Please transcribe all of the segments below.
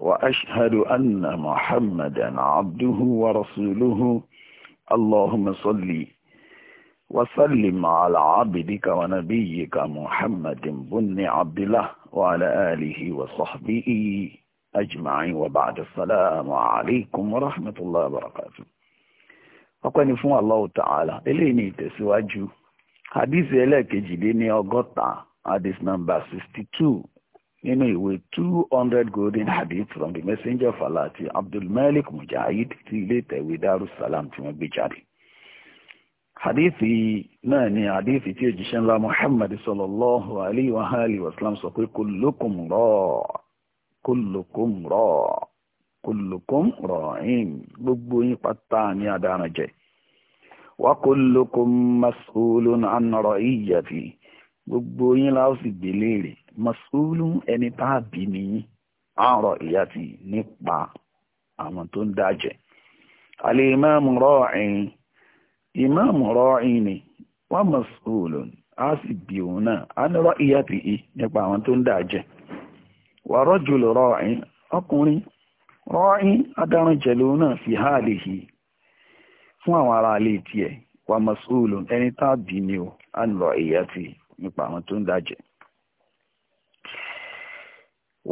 وأشهد أن محمدا عبده ورسوله اللهم صلي وسلم على عبدك ونبيك محمد بن عبد الله وعلى آله وصحبه أجمعين وبعد السلام عليكم ورحمة الله وبركاته أقول فون الله تعالى إليني تسواجو حديث إليك جديني أغطى حديث نمبر 62 nínú ìwé two hundred golden hadith from the messenger of Allah ti abdulmalik mujahid ti ilé ìtẹ̀wé darussalam tí wọ́n gbé jáde hadithi náà ni hadithi tí òjíṣẹ́ ńlá muhammad sallallahu alayhi wa alihi wa sallam sọ pé kullukum ra'a kullukum ra'a kullukum ra'in gbogbo yín pátá ní adarun jẹ wa kullukum mas'ulun an ra'iyyati gbogbo yín la sì gbé léèrè mọ̀sùlù ẹni tá a bí nìyí àárọ̀ ìyá ti nípa àwọn tó ń dájẹ́ àlè ìmáàmù rọ́ọ̀ìn ìmáàmù rọ́ọ̀ìn ni wọ́n mọ̀sùlù á sì bí òun náà ní ìyá ti yìí nípa àwọn tó ń dájẹ́ wà ọkùnrin náà fi háàlì ala fún àwọn ará ilé tiẹ̀ wà mọ̀sùlù ẹni tá a bí ti nípa àwọn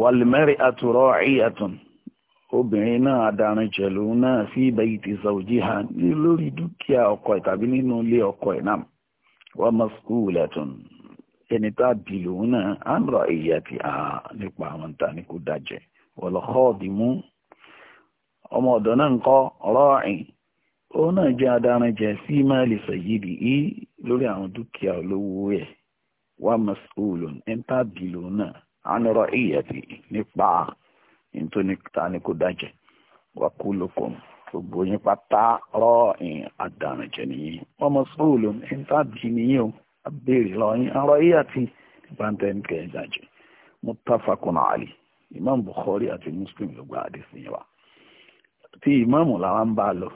wàlìmẹ́rì atụrụ ìyàtùn obìnrin náà adarin jẹ̀lú náà sí ha zawjiha lórí dúkìá ọkọ ẹ̀ nínú ilé ọkọ ẹ̀ náà wa mas'ulatun ẹni tá a lòun náà á ń rọ èyí àti àhà nípa àwọn a ní kó dajẹ́ wal khadimu ọmọ ọ̀dọ́ náà ń kọ́ ra'in òun náà jẹ́ adarin sí lórí ànọ̀rọ̀ ìyẹ̀tì nípa ìtòníta ni kò dájẹ́ wà kú lókun gbogbo yín pátá rọ ìyìn àdàrànjẹ nìyí wọn mọ sóòlù ní tá bí nìyí o àbèrè lọyìn ọ̀rọ̀ ìyẹ̀tì nípa tẹnikẹ ìdájẹ mutafakun ali imam bukhari àti muslim ló gba àdìsí yẹn wa tí ìmáàmù làwọn ń bá lọ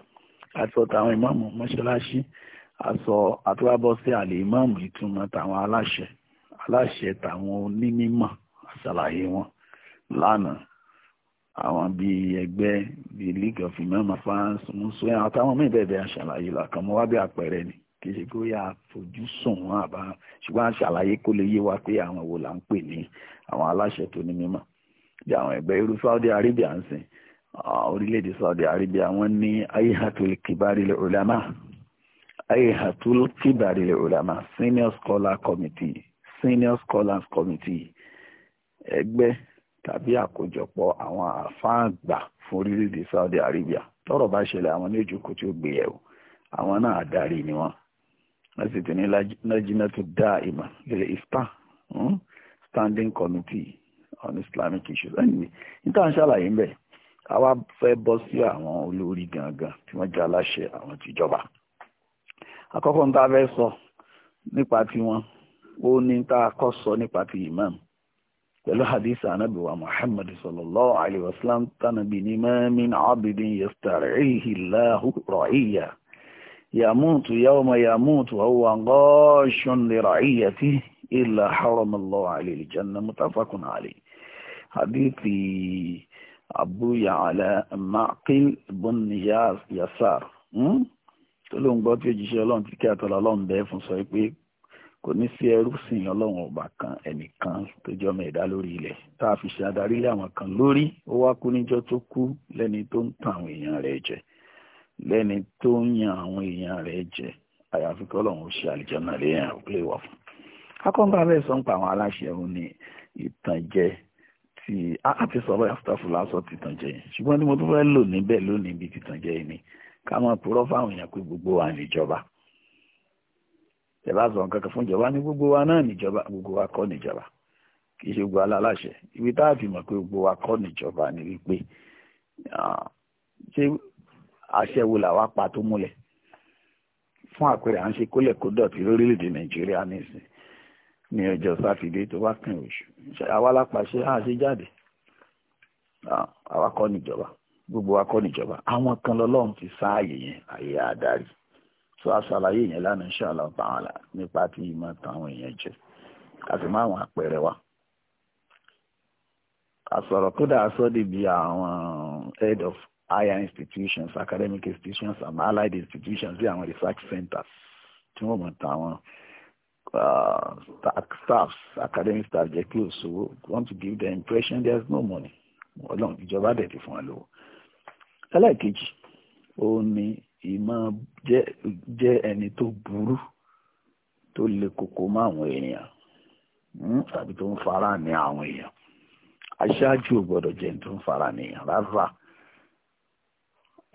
àtọ táwọn ìmáàmù mọ́ṣáláṣí àsọ àtúwábọ àlè ìmáàmù ìtumọ̀ táwọn aláṣẹ aláṣẹ táwọn onímọ̀ àṣàlàyé wọn lánàá àwọn bíi ẹgbẹ́ bíi league of imam fans musoya àtàwọn míì bẹ́ẹ̀ bẹ́ẹ̀ àṣàlàyé làkàn mọ́ wá bí àpẹẹrẹ ni kì í ṣe pé ó yà fojú sùn wọn àbá ṣùgbọ́n àṣàlàyé kó lè yé wa pé àwọn wo là ń pè ní àwọn aláṣẹ tó ní mímọ́ bí àwọn ẹgbẹ́ irú Saudi Arabia ń sìn orílẹ̀-èdè Saudi Arabia wọ́n ní ayéhatul kibari lil ulama ayéhatul kibari lil ulama senior scholar committee senior scholars committee ẹgbẹ́ tàbí àkójọpọ̀ àwọn àfáà àgbà fún orílẹ̀-èdè Saudi Arabia tọ́rọ̀ bá ṣẹlẹ̀ àwọn ní ìjókòó tí ó gbé yẹ̀wò àwọn náà adarí ni wọ́n wọ́n sì ti ní lajinatu daima lè ifta hmm, standing committee on Islamic issues anyway níta ń ṣàlàyé ń bẹ̀ àwa fẹ́ bọ́ sí àwọn olórí gangan tí wọ́n jẹ́ aláṣẹ àwọn tìjọba àkọ́kọ́ ń tá a fẹ́ sọ nípa tiwọn ó ní tá a kọ́ sọ nípa ti imam pẹ̀lú hadith anabi wa muhammad sallallahu alayhi wa sallam tanabi ni ma min abidin yastarihi allahu ra'iya yamutu yawma yamutu wa huwa ghashun li ra'iyatihi illa harama allahu alayhi aljanna mutafaqun alayhi hadithi abu ya'ala maqil bin yasar hmm? tó ló ń gbọ́ tí ó jíṣẹ́ ọlọ́run ti kí àtọ́lá ọlọ́run bẹ́ẹ̀ fún sọ pé kò ní sí ẹrú sìn ọlọ́run ọba kan ẹnìkan tó jẹ́ ọmọ ẹ̀dá lórí ilẹ̀ tá a fi ṣe adarí lé àwọn kan lórí ó wá kú níjọ́ tó kú lẹ́ni tó ń tan àwọn èèyàn rẹ̀ jẹ lẹ́ni tó ń yan àwọn èèyàn rẹ̀ jẹ àyàfi kí ọlọ́run ó ṣe àlìjọ́nà léyìn àwùlé wà fún. akọ́ńgbà bẹ́ẹ̀ sọ ń pa àwọn aláṣẹ òun ní ìtànjẹ ti a ti sọ̀rọ̀ àfitàfù lásọ̀ tìtànjẹ yẹn ṣùgbọ́n tí mo tún fẹ́ lò níbẹ̀ lónìí bíi tìtànjẹ yìí ni ká máa purọ́ fáwọn èèyàn pé gbogbo wa níjọba tẹ̀bá sọ nǹkan kan fún ìjọba ní gbogbo wa náà níjọba gbogbo wa kọ́ níjọba kì í ṣe gbogbo aláṣẹ ibi tá fi mọ̀ pé gbogbo wa kọ́ níjọba ni wípé ṣé àṣẹ wo làwa pa tó múlẹ̀ fún àpẹẹrẹ à ń ṣe kólẹ̀ kó dọ̀tí lórílẹ̀‐èdè nàìjíríà nísìn ní ọjọ́ sátidé tó wá kàn oṣù àwa lápàṣẹ à ṣe jáde àwa kọ́ níjọba gbogbo wa kọ́ níjọba àwọn kan lọ́lọ́run ti sáàyè yẹn àyè àdarí tó a ṣàlàyé yẹn lánàá inshallah ta'ala nípa tí ìmọ̀ táwọn èèyàn jẹ a sì máa wọn àpẹẹrẹ wa àsọ̀rọ̀ kódà sọ́dí bí àwọn head of higher institutions academic institutions and allied institutions bí àwọn research centers tí wọ́n mọ̀ táwọn uh, staffs academic staff jẹ́ kí o want to give the impression there is no money ọlọ́run ìjọba dẹ̀ ti fún wa lówó ẹlẹ́ẹ̀kejì ó ní ìmọ̀ jẹ́ ẹni tó burú tó le koko mọ́ àwọn èèyàn hmm, tàbí tó ń fara ní àwọn èèyàn aṣáájú ò gbọ́dọ̀ jẹ́ tó ń fara nìyàn rárá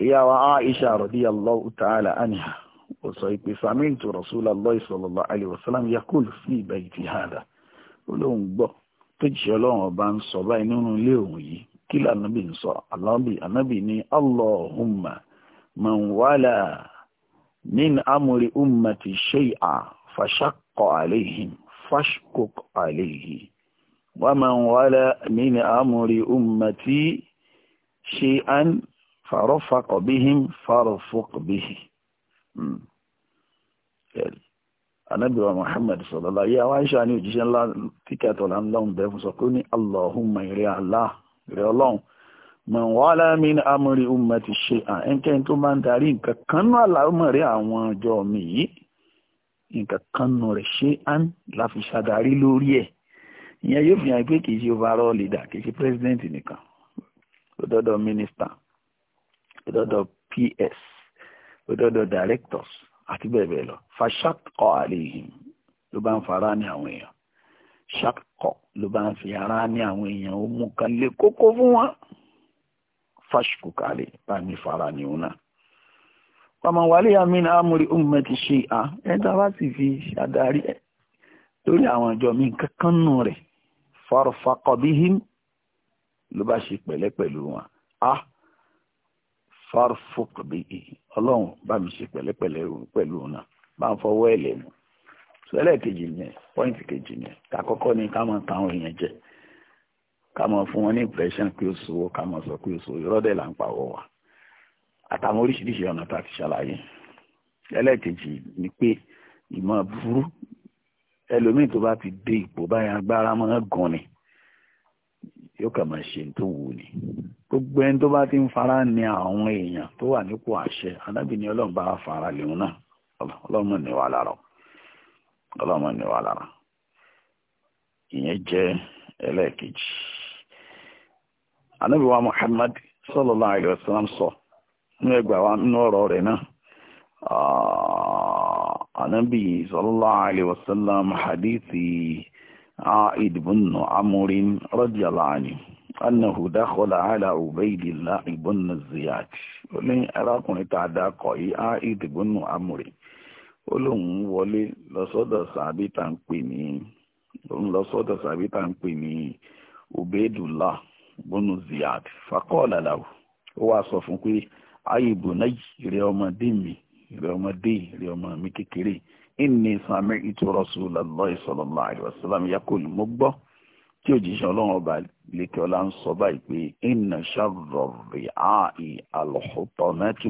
ìyá wa Aisha radiyallahu ta'ala anha ó sọ pé sami'tu Rasulallahi sallallahu alaihi wasallam yaqulu fi bayti hada olóhùn gbọ́ tó jẹ́ ọlọ́run ọba ń sọ báyìí nínú ilé òun yìí kí lànàbì ń sọ ànábì ní Allahumma man wala min amri ummati shay'a fashaqqa alayhim fashkuk alayhi wa man wala min amri ummati shay'an فرفق بهم فرفق به anábìrọ̀ Muhammad sọ̀lọ́lá yí àwọn àìṣà ní òjíṣẹ́ ńlá tíkẹ́tọ̀ là ń lọ́hùn bẹ́ẹ̀ fún sọ pé ní Allahumma ìrẹ́ Allah ìrẹ́ ọlọ́hun man wala min amri ummati shay'an ẹnikẹ́ni tó máa ń darí nǹkan kan náà lámọ̀ rí àwọn ọjọ́ mi yìí nǹkan kan nù rẹ̀ shay'an láfi ṣàdarí lórí ẹ̀ ìyẹn yóò fi hàn pé kì í ṣe overall leader kì í ṣe president nìkan òdodo minister òdodo ps òdodo directors àti bẹ́ẹ̀ bẹ́ẹ̀ lọ fa ṣàkọ́ àlehìn ló bá ń fara ní àwọn èèyàn ṣàkọ́ ló bá ń fi ara ní àwọn èèyàn ó mú kan lé kókó fún wọn fáṣukù kalẹ̀ ba mi fara ni òun náà. pàmòwálé amínà amúrí ọmọ ti ṣe à ẹ̀dá bá sì fi ṣàdarí ẹ̀ lórí àwọn ìjọ mi kankan nù rẹ̀ farfakọbíhìm ló bá ṣe pẹ̀lẹ́ pẹ̀lú wọn a farfakọbíhì ọlọ́run bá mi ṣe pẹ̀lẹ́ pẹ̀lú wọn bá ń fọwọ́ ẹ̀ lẹ́nu sọ ẹlẹ́ẹ̀kejì yẹn pọ́ìntì kejì yẹn kàkọ́kọ́ ni ká máa ta àwọn èèyàn jẹ ká mọ̀ fún wọn ní impression pé ó sòwò ká mọ̀ sọ pé ó sòwò ìrọ́dẹ̀ là ń pawọ́ wa àtàwọn oríṣiríṣi ọ̀nà tá a ti ṣàlàyé ẹlẹ́ẹ̀kejì ni pé ìmọ̀ burú ẹlòmíì tó bá ti dé ipò báyìí agbára máa gan ni yóò kà máa ṣe tó wù ni gbogbo ẹni tó bá ti ń fara ni àwọn èèyàn tó wà nípò àṣẹ anábìíní ọlọ́run bá fara lèun náà ọlọ́run ní wà lára ọlọ́run ní wà lára ìyẹn jẹ́ ẹlẹ́ẹ̀kejì ànábì wa Muhammad sallallahu alaihi wasallam sọ nínú ẹgbàá wa nínú ọ̀rọ̀ rẹ̀ náà ah, ànábì sallallahu alaihi wasallam hadithi عائد بن عمرو رضي الله عنه أنه دخل على عبيد الله بن الزياد ولن أراكم تعداقوا عائد بن عمرو olóhùn wọlé lọ́sọ́dọ̀ sàbí tá ń pè ní òun lọ́sọ́dọ̀ sàbí tá ń Ubaydullah bọ́nù ziyad fakọ́ọ̀lá làwù ó wá sọ fún pé ayé bùnà rẹ ọmọdé mi rẹ ọmọdé rẹ ọmọ mi kékeré inni sami itu rasulallahi sallallahu alaihi wasallam yakul mo gbọ́ tí òjíṣẹ́ ọlọ́run ọba lẹ́kẹ́ ọlá ń sọ báyìí pé inna sharra ri'a'i al-hutamatu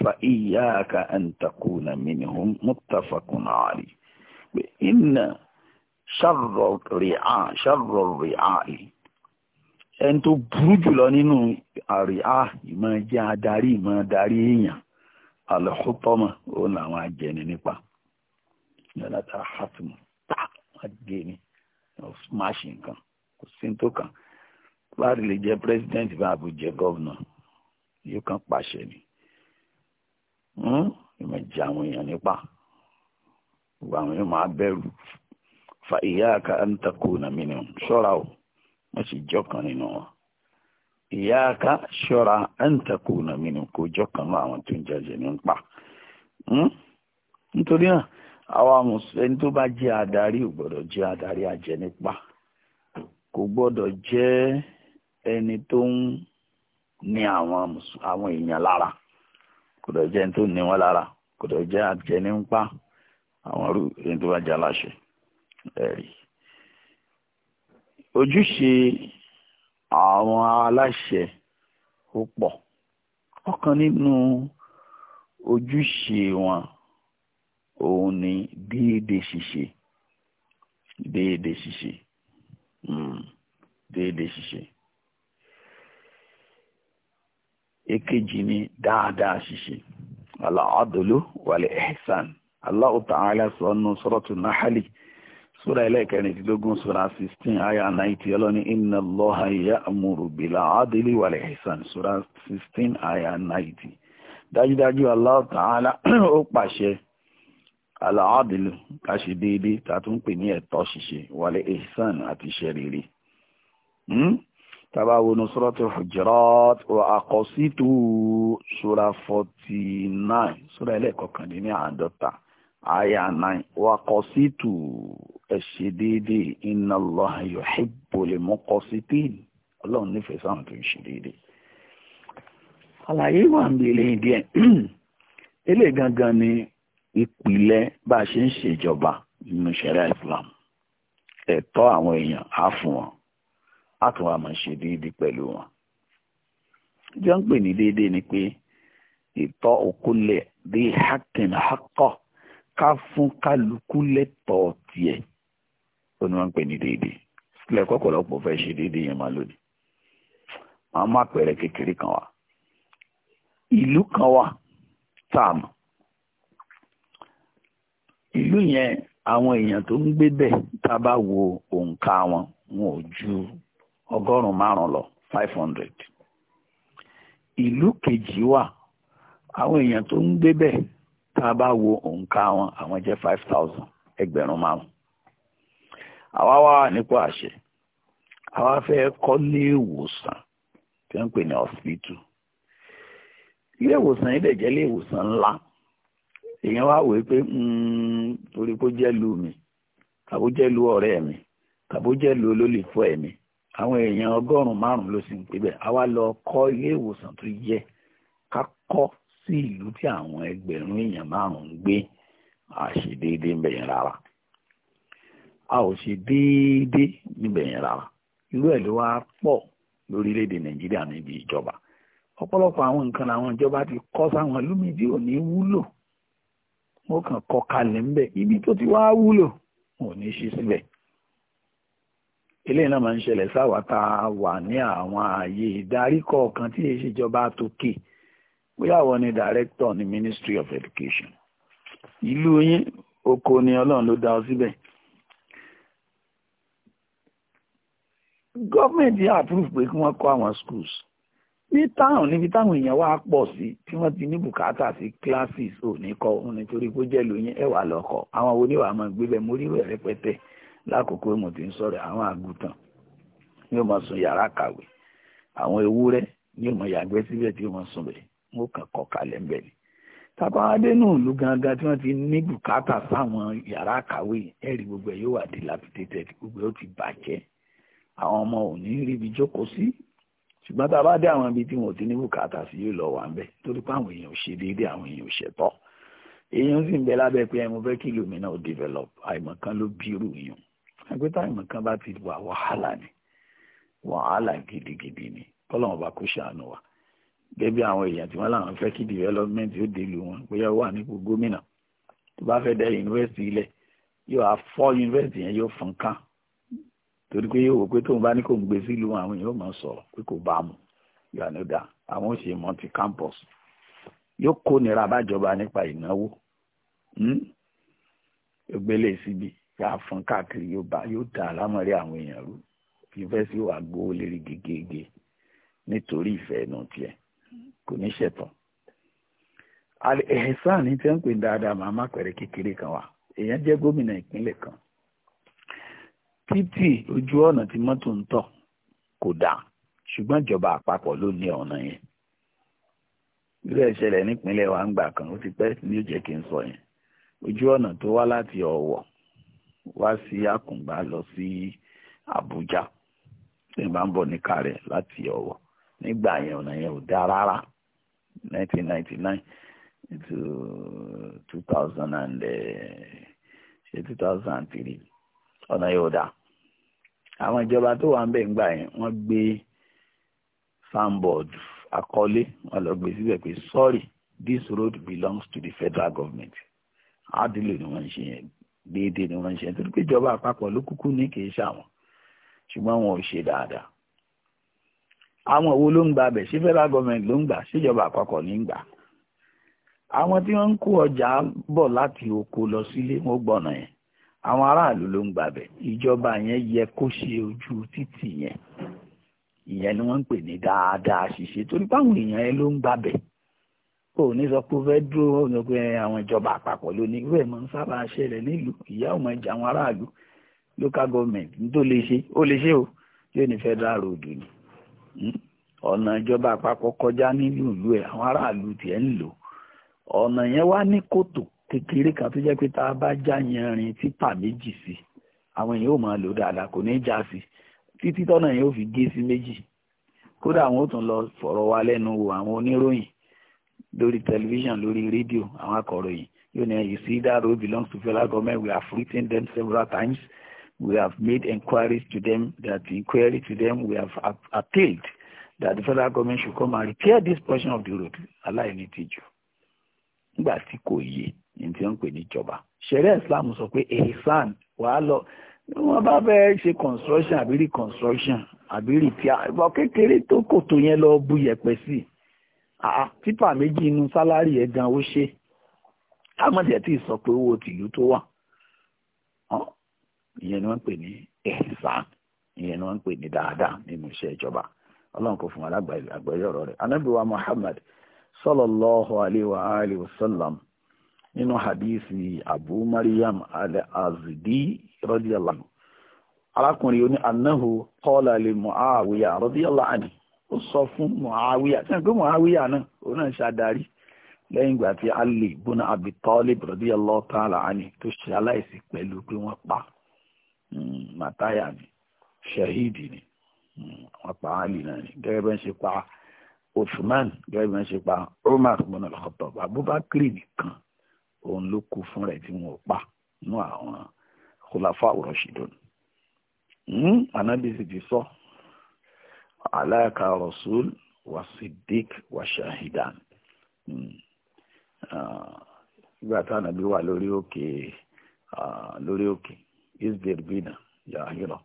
fa iyyaka an takuna minhum muttafaqun alayh inna sharra ri'a sharra ẹni tó burú jùlọ nínú àríà ìmọ̀ jẹ́ adarí ìmọ̀ darí èèyàn alẹ́kùtọ́mọ̀ òun làwọn ajẹni nípa yọ̀látà hatimu tá wọ́n gé ni wọ́n smash nǹkan kò sí tó kàn láti lè jẹ́ president bá àbò jẹ́ gọ́vnà yóò kàn pàṣẹ ni hmm? ìmọ̀ jẹ́ àwọn èèyàn nípa gbogbo àwọn èèyàn máa bẹ̀rù fa ìyá àkàntàkùn nàmínú ṣọ́ra o wọ́n sì jọ́kan nínú wọn ìyáàká ṣọ́ra ẹ̀ǹtẹ̀kù nàmínú kò jọ́kan mọ́ àwọn tó ń jẹ́jẹ́ ní pa hmm? nítorí náà àwa mùsùlùmí tó bá jẹ́ adarí ò gbọ́dọ̀ jẹ́ adarí ajẹnipa kò gbọ́dọ̀ jẹ́ ẹni tó ń ní àwọn èèyàn lára kò dọ̀ jẹ́ ẹni tó ní wọn lára kò dọ̀ jẹ́ ajẹnipa àwọn ẹni tó bá jẹ́ aláṣẹ ẹ̀rí. ojúṣe àwọn aláṣẹ ó pọ̀ ọ̀kan nínú ojúṣe wọn òun ni déédé ṣíṣe déédé ṣíṣe hmm. déédé ṣiṣe, èkejì ni dáadáa ṣiṣe. al-adlu wal-ihsan Allah ta'ala sọ nù suratu Nahli. sura ẹlẹ́ẹ̀kẹrìndínlógún sura sixteen aya ninety ọlọ́ni inna Allaha ya'muru bil adli wal ihsan sura sixteen aya ninety dájúdájú Allah ta'ala ó pàṣẹ al-adlu ká ṣe déédéé tá a tún pè ní ẹ̀tọ́ ṣíṣe wal ihsan àti iṣẹ́ rere hmm? tàbá wọnú suratul Hujurat wa aqsitu sura forty nine sura ẹlẹ́ẹ̀kọkàndínní àádọ́ta. aya nine wa qasitu ẹ ṣe déédéé inna Allah yuhibbul muqsitin ọlọ́run nífẹ̀ẹ́ sáwọn tó ń ṣe àlàyé bi gangan ni a ṣe ń ṣèjọba nínú Islam àwọn èèyàn á fún wọn á tún máa ṣe wọn. hakin ká fún kálukú lẹ́tọ̀ọ́ tiẹ̀ ó ní wọ́n ń pè ní déédéé sílẹ̀ kọ́kọ́lọ́pọ̀ fẹ́ ṣe déédéé yẹn máa lónìí àwọn máa pẹ̀rẹ̀ kékeré kan wà ìlú kan wà táàmù ìlú yẹn àwọn èèyàn tó ń gbé bẹ̀ tá a bá wo òǹkà wọn wọn ò ju ọgọ́rùn-ún márùn-ún lọ five hundred ìlú kejì wà àwọn èèyàn tó ń gbé bẹ̀ tá a bá wo òǹkà wọn àwọn jẹ́ five thousand ẹgbẹ̀rún márùn. àwa wà nípò àṣẹ àwa fẹ́ kọ́ ní tí wọ́n ń pè ní hospital ilé ìwòsàn ilé jẹ́ ilé ìwòsàn ńlá èèyàn wá wòye pé hmm, torí kó jẹ́ lu mi tàbó jẹ́ lu ọ̀rẹ́ mi tàbó jẹ́ lu olólùfọ́ ẹ̀ mi àwọn èèyàn ọgọ́rùn-ún márùn-ún ló sì ń pè bẹ́ẹ̀ àwa lọ kọ́ ilé tó yẹ ká kọ́ sí ìlú tí àwọn ẹgbẹ̀rún èèyàn márùn-ún ń gbé a ṣe déédéé níbẹ̀ yẹn rárá a ò ṣe déédéé níbẹ̀ yẹn rárá irú ẹ̀ ló wá pọ̀ lórílẹ̀‐èdè nàìjíríà níbi ìjọba ọ̀pọ̀lọpọ̀ àwọn nǹkan làwọn ìjọba ti kọ́ sáwọn lómìn tí ò ní wúlò wọ́n kàn kọ́ kalẹ̀ ńbẹ̀ ibi tó ti wá wúlò ò ní ṣí síbẹ̀ eléyìí náà máa ń ṣẹlẹ̀ sáwàtà wà ní àwọn ààyè ìdarí kọ̀ọ̀kan tí èyí ṣèjọba tó kè é bóyá àwọn ni director ní ministry of education ìlú yín oko ni ọlọ́run ló dá ọ síbẹ̀ gọ́ọ̀mẹ̀ntì approve pé kí wọ́n kọ́ àwọn schools ní táwọn níbi táwọn èèyàn wá pọ̀ sí tí wọ́n ti ní bùkátà sí classes ò ní kọ́ òun nítorí pé ó jẹ́ lóyún ẹ̀wà lọ́kọ̀ àwọn oníwà máa gbé bẹ́ẹ̀ mo rí rẹ̀ rẹpẹtẹ lákòókò mo ti ń sọ̀rọ̀ àwọn àgùntàn ni ó máa sùn yàrá kàwé àwọn ewúrẹ́ ni ó máa yàgbẹ́ síbẹ̀ tí ó máa sùn bẹ́ẹ̀ wọn kàn kọ́ kalẹ̀ ń bẹ̀ ni tàbáwádé náà ló gangan tí wọ́n ti ní bùkátà sáwọn yàrá àkàwé ẹ̀rí gbogbo ẹ̀ yóò wà dilapidated gbogbo ẹ̀ ó ti bàjẹ́ àwọn ọmọ ò ní ríbi jókòó sí ṣùgbọ́n tá a bá dé àwọn ibi tí wọn ò ti ní bùkátà sí yóò lọ wà ń bẹ̀ torí pé àwọn èèyàn ò ṣe déédéé àwọn èèyàn ò ṣẹ̀tọ́ èèyàn sì ń bẹ lábẹ́ pé ẹmu fẹ́ kí ìlú mi develop àìmọ̀ kan ló bírù yàn àgbẹ̀tà àìmọ̀ kan bá ti wà wàhálà ni wàhálà gidigidi ni kọ́lọ́mọba kò ṣàánú wa gẹ́gẹ́ bí àwọn èèyàn tí wọ́n làwọn fẹ́ kí development yóò dé ìlú wọn bóyá ó wà nípò gómìnà tó bá fẹ́ dá yunifásitì ilẹ̀ yóò afọ́ yunifásitì yẹn yóò fọ́n kán torí pé yóò wò pé tóun bá ní kò ń gbé sílùú àwọn èèyàn máa sọ̀rọ̀ pé kò bá mu yànnúdà àwọn ò ṣe multi campus yóò kó nira bájọba nípa ìnáwó hmm? gbélé e síbi yà fún káàkiri yóò bá yóò dà lámọ̀rí àwọn èèyàn rú yunifásitì yóò wá gbówó lérí gégége nítorí ìfẹ́ ẹnu tiẹ̀ kò ní ṣẹ̀tàn ẹ̀hẹ́sán ní tí wọ́n pè dáadáa máa má pẹ̀rẹ̀ kékeré kan wa èèyàn jẹ́ gómìnà ìpínlẹ̀ kan títí ojú ọ̀nà tí mọ́tò ń tọ̀ kò dà ṣùgbọ́n ìjọba àpapọ̀ ló ní ọ̀nà yẹn ilé ìṣẹ̀lẹ̀ nípínlẹ̀ wa ń gbà kan ó ti pẹ́ ní ó jẹ́ kí n sọ yẹn ojú ọ̀nà tó wá láti ọ̀wọ̀ wá sí àkùngbà lọ sí Àbújá tí n bá ń bọ̀ ní kárẹ̀ láti ọ̀wọ̀ nígbà yẹn ọ̀nà yẹn ò dáa rárá 1999 to 2000 and eh, ṣe 2003 ọ̀nà yóò dá àwọn ìjọba tó wà ń bẹ̀ ń gbà yẹn wọ́n gbé fanboard àkọlé wọ́n lọ gbé síbẹ̀ pé sorry this road belongs to the federal government àdìlò ni wọ́n ń ṣe yẹn déédéé ni wọ́n ń ṣe yẹn torí pé ìjọba àpapọ̀ ló kúkú ní kì í ṣàwọn ṣùgbọ́n wọn ò ṣe dáadáa àwọn wo ló ń gba bẹ̀ sí federal government ló ń gbà síjọba àpapọ̀ ní gbà àwọn tí wọ́n ń kó ọjà bọ̀ láti oko lọ sílé wọn gbọ́nà yẹn àwọn aráàlú ló ń gba bẹ̀ ìjọba yẹn yẹ kó ṣe ojú títì yẹn ìyẹn ni wọ́n ń pè ní dáadáa ṣíṣe torí báwọn èèyàn yẹn ló ń gba bẹ̀ kò ní sọ pé ó fẹ́ dúró ọ̀nàpẹ́ àwọn ìjọba àpapọ̀ lónìí ìwé máa ń sábà ṣẹlẹ̀ nílùú ìyá ò máa àwọn aráàlú local government ní tó lè ṣe ó lè ṣe o yóò ní federal road ni ọ̀nà ìjọba àpapọ̀ kọjá nílùú ìlú ẹ̀ àwọn aráàlú tiẹ̀ ń lò ọ̀nà yẹn wá ní kòtò kékeré kan tó jẹ́ pé tá a bá já yanrin títà méjì sí àwọn èèyàn ò máa lò dáadáa kò ní já sí títí tọ́nà yẹn ò fi gé sí méjì kódà àwọn ò tún lọ fọ̀rọ̀ wa lẹ́nu wo àwọn oníròyìn lórí tẹlifíṣàn lórí rédíò àwọn akọ̀ròyìn yóò ní you see that road belongs to federal government we have written them several times We have made inquiries to them, that inquiry to them, we have appealed that the federal government should come and repair this portion of the road. Allah tìjú. Nígbà tí kò yé, ní tí wọ́n ń pè Islam sọ pé Ehsan wàá lọ wọ́n bá fẹ́ ṣe construction àbí reconstruction àbí repair ìbọn kékeré tó kò tó yẹn lọ bu yẹ̀pẹ̀ sí tipa méjì inú sálárì ẹ̀ gan ó ṣe àmọ́tẹ̀ tí ì sọ pé owó tìlú tó wà ìyẹn ni wọ́n ń pè ní ẹ̀sán ìyẹn ni wọ́n ń pè ní dáadáa nínú iṣẹ́ ìjọba ọlọ́run kò fún alágbàáyé rẹ̀ muhammad sallallahu alayhi wa alihi wa sallam hadithi abu maryam al-azdi radiyallahu arákùnrin oní anahu qala li muawiya radiyallahu anhu ó sọ fún muawiya tí wọ́n pé muawiya náà òun náà ṣàdarí lẹ́yìn ìgbà tí ali buna radiyallahu ta'ala tó ṣe aláìsí pẹ̀lú pé màtáyà hmm, ni ṣahidi ni hmm, wọ́n pa ali náà ni gẹ́gẹ́ bẹ́ẹ̀ ṣe pa usman gẹ́gẹ́ bẹ́ẹ̀ ṣe pa umar bin al-khattab abubakar nìkan òun ló kú fún rẹ̀ tí wọ́n pa nínú àwọn khulafa rashidun anabi hmm, sì ti sọ alaka rasul wa siddiq wa shahidan nígbà táwọn àbí wà lórí òkè ah, lórí òkè isbir bina ya hira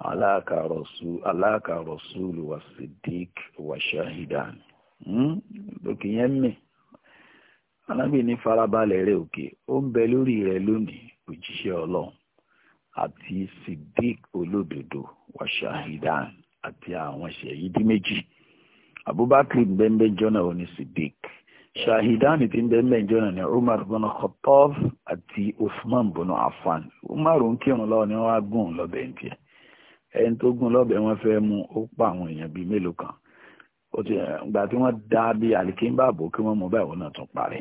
alaka rasul alaka rasul wa siddiq wa shahidan hmm? lókè yẹn mi anábì ní farabalẹ̀ rẹ̀ òkè ó ń bẹ lórí rẹ̀ lónìí òjíṣẹ́ ọlọ́run àti siddiq olododo wa shahidan àti àwọn ṣèyídí abubakar bẹ́ńbẹ́jọ́ náà ó ní siddiq ṣahidani tí ń bẹ mẹ́ ìjọ́nà ni Umar bin Khattab àti Usman bin Affan Umar ń kírun lọ́wọ́ ni wọ́n á gùn lọ́bẹ̀ ń tiẹ̀ ẹni tó gùn lọ́bẹ̀ wọn fẹ́ mú ó pa àwọn èèyàn bíi mélòó kan ó ti gbà tí wọ́n dá bí alikimba àbò kí wọ́n mú báyìí wọn náà tún parí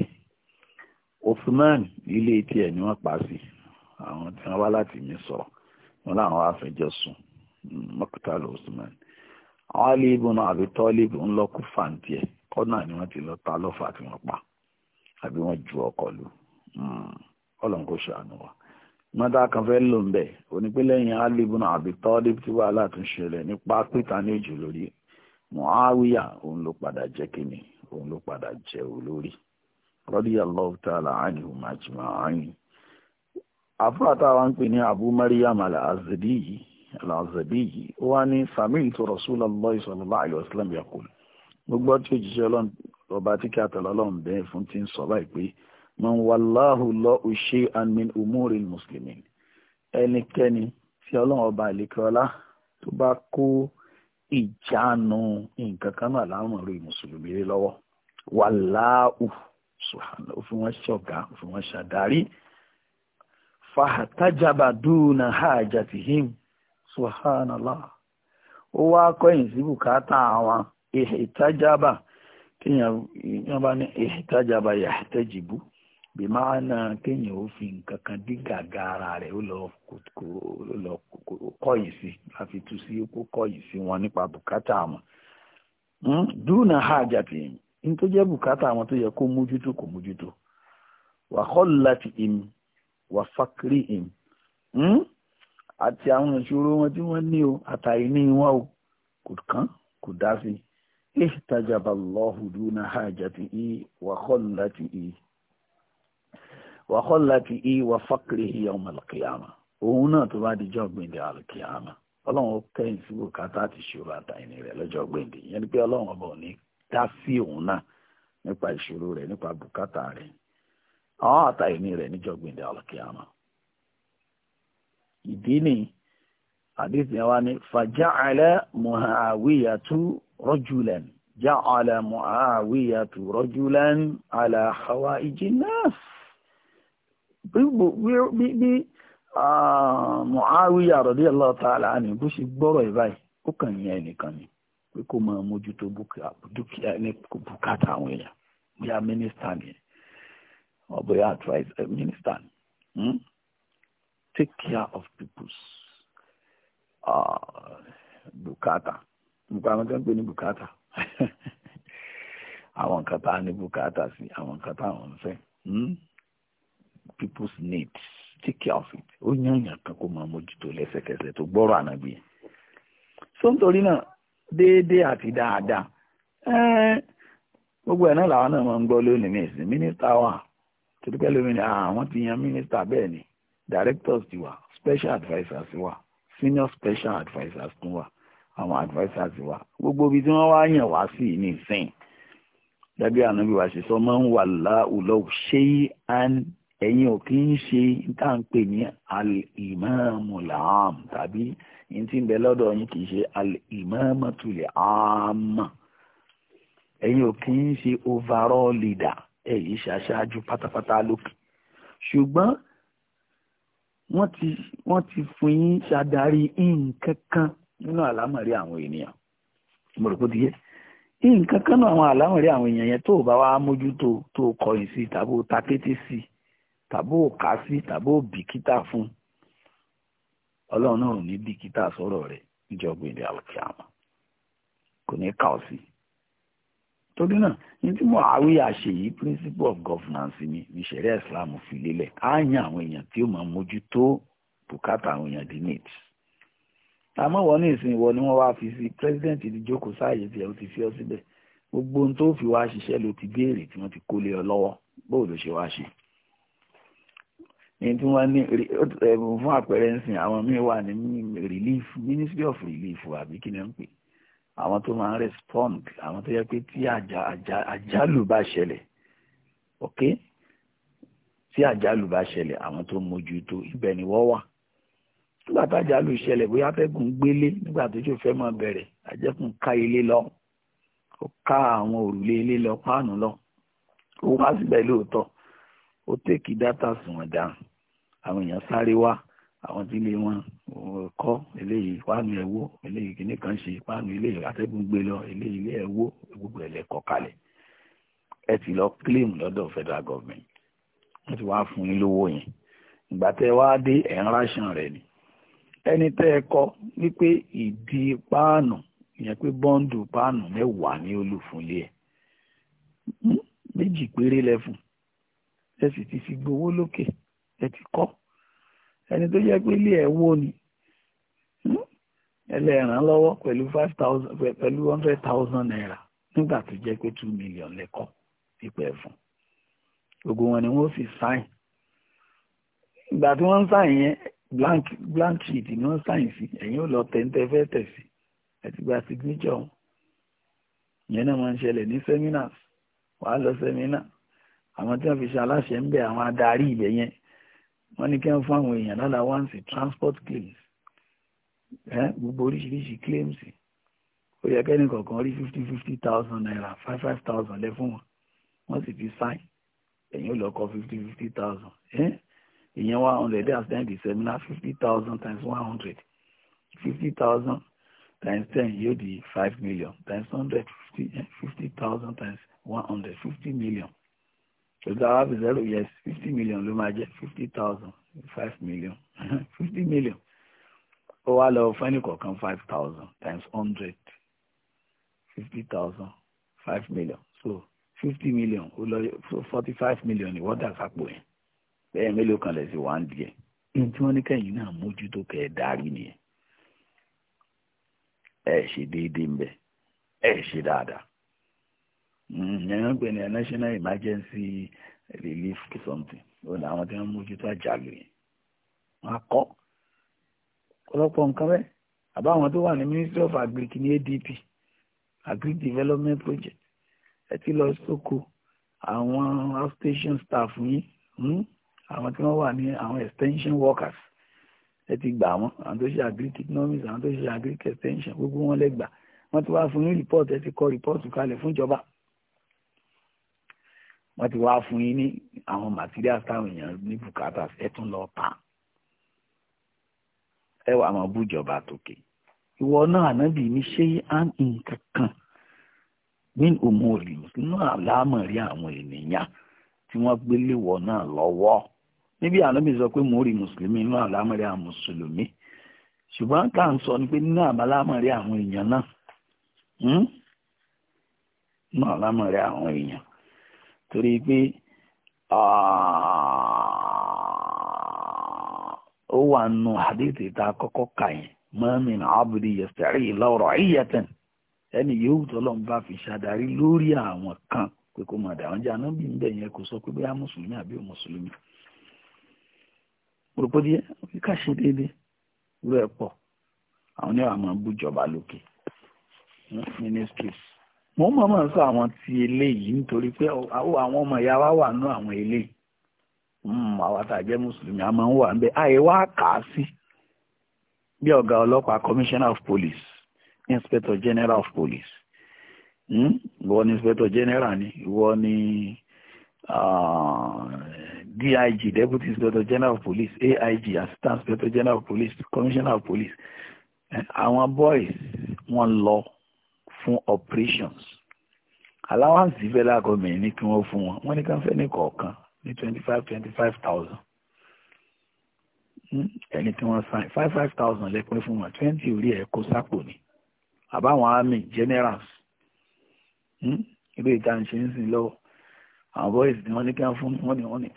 Usman ilé tiẹ̀ ni wọ́n pa sí àwọn tí wọ́n wá láti mi sọ̀rọ̀ wọn láwọn afẹjọ́ sùn mọ́kútà lọ Usman Ali ibn Abi Talib ńlọ kú fàǹtì ẹ̀ kọ́nà ni wọ́n ti lọ ta lọ́fà pa ju ọkọ̀ lu hmm. ọlọ́run anụwa ṣàánú wa fe kan fẹ́ lò ń bẹ̀ onípínlẹ̀yìn Ali Abi Talib tí wàhálà tún ṣẹlẹ̀ nípa pété ní òjò lórí Muawiya al-Azabiyi ó wá ní sami'tu Rasulullahi sallallahu alaihi wasallam yaqul gbogbo tí òjíṣẹ́ ọlọ́run ọba tí kí àtàlọ́ ọlọ́run bẹ́ẹ̀ fún ti ń sọ báyìí pé man wallahu lahu shay'an min umuri al-muslimin ẹnikẹ́ni tí ọlọ́run ọba ìlẹ́kọ̀ọ́lá tó bá kó ìjánu nǹkan kan náà láwọn ọ̀rọ̀ ìmùsùlùmí rí lọ́wọ́ wàláhù subhana ó fi wọ́n ṣọ̀gá ó fi wọ́n ṣàdarí fàtàjàbàdúnà hajatihim subhanallah ó wá kọ̀yìn sí bùkátà àwọn ìhìtájábà kéèyàn bá ní ìhìtájábà yàtẹ́jìbú bí máa na kéèyàn ó fi nǹkan kan dí gàgà ara rẹ̀ ó lọ kọ̀yìn sí láti tú sí ó kọ̀yìn sí wọn nípa bùkátà wọn hmm? dúnà hajati ní tó jẹ́ bùkátà àwọn tó yẹ kó mójútó kò mójútó wàhálà ti im wàfákìrì im. Hmm? àti àwọn ìṣòro wọn tí wọn ní o àtàrí ní wọn o kò kán kò dá sí ihtajaba Allahu duna i wà khallatihi láti i wà fàkìrì yawm al-qiyama òun náà tó bá di jọ́ gbìndín al ọlọ́run kẹ́yìn sí bùkátà àti ìṣòro àtàyìn rẹ̀ lọ́jọ́ ìdí ni àdìsí wa ni fàjáàlẹ muhawiyatu rọjùlẹn jáàlẹ muhawiyatu rọjùlẹn alahawa ìjìnàf bí muhawiya radiyallahu ta'ala ni bó ṣe gbọ́rọ̀ ìbáyìí ó kàn yẹn nìkan ni pé kó máa mójútó dúkìá ní bùkátà àwọn èèyàn bóyá mínísítà ni ọ̀bọ̀yà advice eh, mínísítà ni. Hmm? take care of people's uh, Bukata, nípa àwọn tó ń pè ní bùkátà àwọn nǹkan tá a ní àwọn nǹkan tá fẹ́ hmm? people's needs take care of it ó yànyàn kan kó máa mójútó lẹ́sẹ̀kẹsẹ̀ tó gbọ́rọ̀ ànábì yẹn so nítorí náà déédéé àti dáadáa gbogbo ẹ̀ náà làwọn náà máa ń gbọ́ lónìí ní ìsìn mínísítà wà torí lómi ni àwọn ti yan mínísítà bẹ́ẹ̀ ni directors ti wa. special advisers wa. senior special advisers tún wà àwọn advisers wa. gbogbo ibi tí wọ́n wá yàn wá sí ní ìsìn dàbí ànábì wa ṣe sọ máa ń wà láwùlọ ṣé ẹ̀yin ò kí ń ṣe tá à ń pè ní al-imamu am tàbí yín tí ń bẹ lọ́dọ̀ yín kì í ṣe al-imamatu al-amma ẹ̀yin ò kí ń ṣe overall leader ẹ̀yin ṣaṣáájú pátápátá lókè ṣùgbọ́n wọ́n ti wọ́n ti fún yín ṣàdarí nǹkan kan nínú àlámọ̀rí àwọn ènìyàn mo rò pé ti yé nǹkan kan náà àwọn àlámọ̀rí àwọn èèyàn yẹn tó o bá wá mójútó tó o kọ̀yìn sí tàbó takété sí tàbó kà sí tàbó bìkítà fún ọlọ́run náà ò ní bìkítà sọ̀rọ̀ rẹ̀ níjọba ìdí àwòkí àwọn kò ní kà ọ́ sí torí náà ní tí mo àwí àṣẹ yìí principle of governance mi ní ṣẹ̀ríà Islam fi lélẹ̀ á yan àwọn èèyàn tí ó máa mójútó bùkátà àwọn èèyàn di needs àmọ́ wọ́n ní ìsìn ìwọ ni wọ́n wá fi sí president ti jókòó sáàyè tí ẹ ti fi ọ síbẹ̀ gbogbo ohun tó fi wá ṣiṣẹ́ ló ti béèrè tí wọ́n ti kó ọ lọ́wọ́ bóò ló ṣe wá ṣe ní tí wọ́n ní fún àpẹẹrẹ ń sìn àwọn míín wà ní relief ministry of relief àbí kí ni wọ́n pè é àwọn tó máa ń respond àwọn tó yẹ pé tí àjálù bá ṣẹlẹ̀ ok tí àjálù bá ṣẹlẹ̀ àwọn tó mójútó ibẹ̀ ni wọ́n wà nígbà tó àjálù ṣẹlẹ̀ bóyá atẹ́gùn gbélé nígbà tó jò fẹ́ mọ́ bẹ̀rẹ̀ àjẹkùn ká ilé lọ ó ká àwọn òrùlé ilé lọ páànù lọ ó wá síbẹ̀ lóòótọ́ ó tèkì dátà sùn ọ̀daràn àwọn èèyàn sáré wá àwọn tí ilé wọn kọ́ eléyìí páànù ẹ̀wó eléyìí kìíní kan ṣe páànù eléyìí atẹ́gùn gbé lọ eléyìí ilé ẹ̀wó gbogbo ẹ̀ lẹ́kọ̀ kalẹ̀ ẹ ti lọ claim lọ́dọ̀ federal government wọ́n ti wá fún yín lówó yẹn ìgbà tẹ́ wá dé ẹ̀ ń ráṣàn rẹ̀ ni ẹni tẹ́ ẹ kọ wípé ìdí páànù ìyẹn pé bọ́ǹdù páànù mẹ́wàá ní olùfúnlé ẹ̀ hmm? méjì péré lẹ́fun ẹ sì ti fi gbowó lókè ẹ ti kọ́ ẹni tó jẹ́ pé ilé ẹ̀ wó ni hmm, ẹlẹ́ràn lọ́wọ́ pẹ̀lú five thousand pẹ̀lú one hundred thousand naira nígbà tó jẹ́ pé two million lẹ́kọ̀ọ́ pípẹ́ fún gbogbo wọn ni wọ́n fi sign, ìgbà tí wọ́n ń sáìn yẹn blank blank sheet ni wọ́n sáìn sí ẹ̀yin ò lọ tẹ̀ǹtẹ̀ fẹ́ tẹ̀ sí ẹ ti gba signature wọn náà máa ń ṣẹlẹ̀ ní seminars wàá lọ seminar àwọn tí wọ́n fi ṣe aláṣẹ ń bẹ àwọn adarí ibẹ̀ yẹn wọ́n ní kí wọ́n fún àwọn èèyàn lálàáwáǹsì transport claims gbogbo oríṣiríṣi claims ó yẹ kẹ́ni kọ̀ọ̀kan rí fifty fifty thousand naira five five thousand lẹ fún wọn wọ́n sì fi sign ẹ̀yin ó lọ kọ fifty fifty thousand ìyẹn one hundred as ten di seminar fifty thousand times one hundred fifty thousand times ten yóò di five million times hundred eh, fifty thousand times one hundred fifty million ṣùgbọ́n àwọn àbí zero yes fifty million ló máa jẹ́ fifty thousand five million fifty million ó wá lọ fún ẹnìkọ̀ọ̀kan five thousand times hundred fifty thousand five million so fifty million ó lọ forty five million ní wọ́dà sápò yẹn bẹ́ẹ̀ mélòó kan lẹ̀ sí wà ń díẹ̀ ní tí wọ́n ní kẹ́yìn náà mójútó kẹ́ ẹ̀ darí nìyẹn ẹ̀ ṣe déédéé ń bẹ̀ ẹ̀ ṣe dáadáa. Mm, ẹ̀yàn ń pè ní national emergency relief something ó ní àwọn tí wọ́n mójútó àjálù yẹn wọ́n á kọ́ ọ̀pọ̀lọpọ̀ nǹkan bẹ́ẹ̀ àbá àwọn tó wà ní ministry of agric ní adp agric development project ẹ ti lọ sóko àwọn outstation staff yín hmm, àwọn tí wọ́n wà ní àwọn extension workers ẹ ti gbà wọn àwọn tó ṣe agric economics àwọn tó ṣe agric extension gbogbo wọn lẹ́gbàá wọ́n ti wá fún yín report ẹ ti kọ report kalẹ̀ fún ìjọba wọ́n ti wá fún yín ní àwọn materials táwọn èèyàn ní bùkátà ẹ tún lọ tà ẹ wà máa bú ìjọba tókè ìwọ náà ànábì ní ṣé à ń nǹkan kan ní òmùrì nínú àlámọ̀rí àwọn ènìyàn tí wọ́n gbélé wọ náà lọ́wọ́ níbi ànábì sọ pé mò ń rí mùsùlùmí nínú àlámọ̀rí àwọn mùsùlùmí ṣùgbọ́n ká ń sọ ni pé nínú àlámọ̀rí àwọn èèyàn náà hmm? nínú àlámọ̀rí àwọn èèyàn torí pé ó wà nù hadithi tá a kọ́kọ́ kà yẹn mọ́mìn abdi yẹsẹ̀rì lọ́rọ̀ ìyẹtẹ̀n ẹni yóò tọ́lọ́ ń fi ṣàdarí lórí àwọn kan pé kó máa dàwọn jẹ́ anábì ń bẹ̀ yẹn sọ pé mùsùlùmí àbí mùsùlùmí pòròpódì yẹ ṣe déédéé ẹ̀ pọ̀ àwọn ministries mo mọ̀ mọ̀ sọ àwọn ti eléyìí nítorí pé àwọn ọmọ ìyá wa wà nú àwọn eléyìí hmm, àwa tá a jẹ́ mùsùlùmí a máa ń wà níbẹ̀ àyè wá kà á sí bí ọ̀gá ọlọ́pàá commissioner of police inspector general of police hmm, ìwọ ni inspector general ni ìwọ ni dig deputy inspector general of police aig assistant inspector general of police commissioner of police eh, àwọn boys wọ́n lọ fún operations allowance developer federal government ní kí wọ́n fún wọn wọ́n ní ká fẹ́ ní kọ̀ọ̀kan ní twenty five twenty five thousand hmm? ẹni tí wọ́n sign five five thousand lẹ́pẹ́ fún wọn twenty orí ẹ̀ kó sápò ni àbáwọn army generals hmm? ilé ìta ń ṣe ń sìn lọ́wọ́ àwọn boys ni wọ́n ní kí wọ́n fún wọn ni wọ́n ní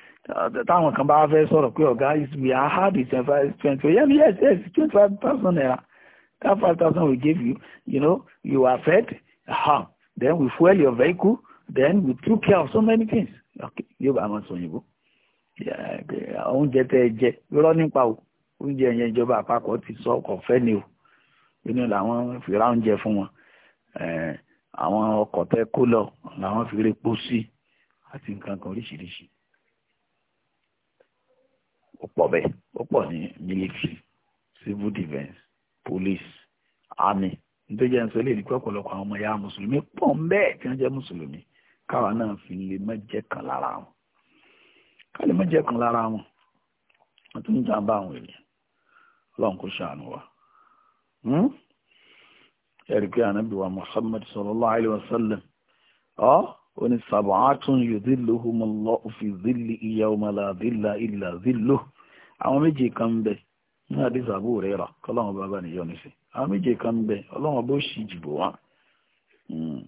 táwọn kan bá fẹ́ sọ̀rọ̀ pé ọ̀gá is we are hard with twenty five twenty yes yes twenty five thousand naira That 5,000 we gave you, you know, you are fed, huh? Then we fuel your vehicle. Then we took care of so many things. Okay, yóò bá wọn sọ òyìnbó. Oúnjẹ tẹ ẹ jẹ, irọ́ nípa o. Oúnjẹ yẹn ìjọba àpapọ̀ ti sọ ọkọ̀ fẹ́ ni o. Inú làwọn fi ra oúnjẹ fún wọn. Àwọn ọkọ̀ tẹ kó lọ làwọn fi repo sí àti nǹkan kan oríṣiríṣi. Ó pọ̀ bẹ́ẹ̀, ó pọ̀ ní military, civil defence police army nítorí jẹ́ nsọ eléyìí pé ọ̀pọ̀lọpọ̀ àwọn ọmọ ya mùsùlùmí pọ̀ ń bẹ́ẹ̀ tí wọ́n jẹ́ mùsùlùmí káwa náà fi lè má jẹ́ kan lára wọn ká lè má jẹ́ kan lára wọn wọ́n tún ń jàǹbá àwọn ènìyàn ọlọ́run kò ṣàánú wa hmm? ẹ̀rí pé ànábì wa Muhammad sallallahu alayhi wa sallam ọ́ ó ní sàbàátún yudhilluhumullahu fi dhillihi yawma la dhilla illa dhilluh àwọn méjì kan bẹ́ẹ̀ ní àdìsí àbú rẹ rà kọlọ́wọ́n bàbá nìyọ níṣẹ́ àwọn méje kan ń bẹ ọlọ́wọ́n bó ṣì jìbò wọn hmm.